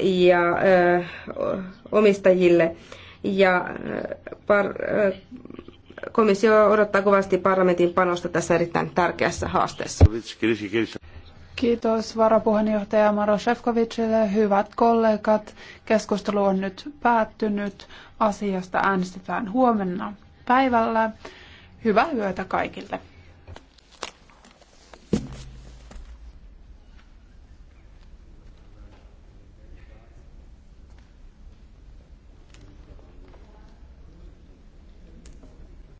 ja omistajille. Ja komissio odottaa kovasti parlamentin panosta tässä erittäin tärkeässä haasteessa. Kiitos varapuheenjohtaja Maro Shevkovicille. Hyvät kollegat, keskustelu on nyt päättynyt. Asiasta äänestetään huomenna päivällä. Hyvää yötä kaikille.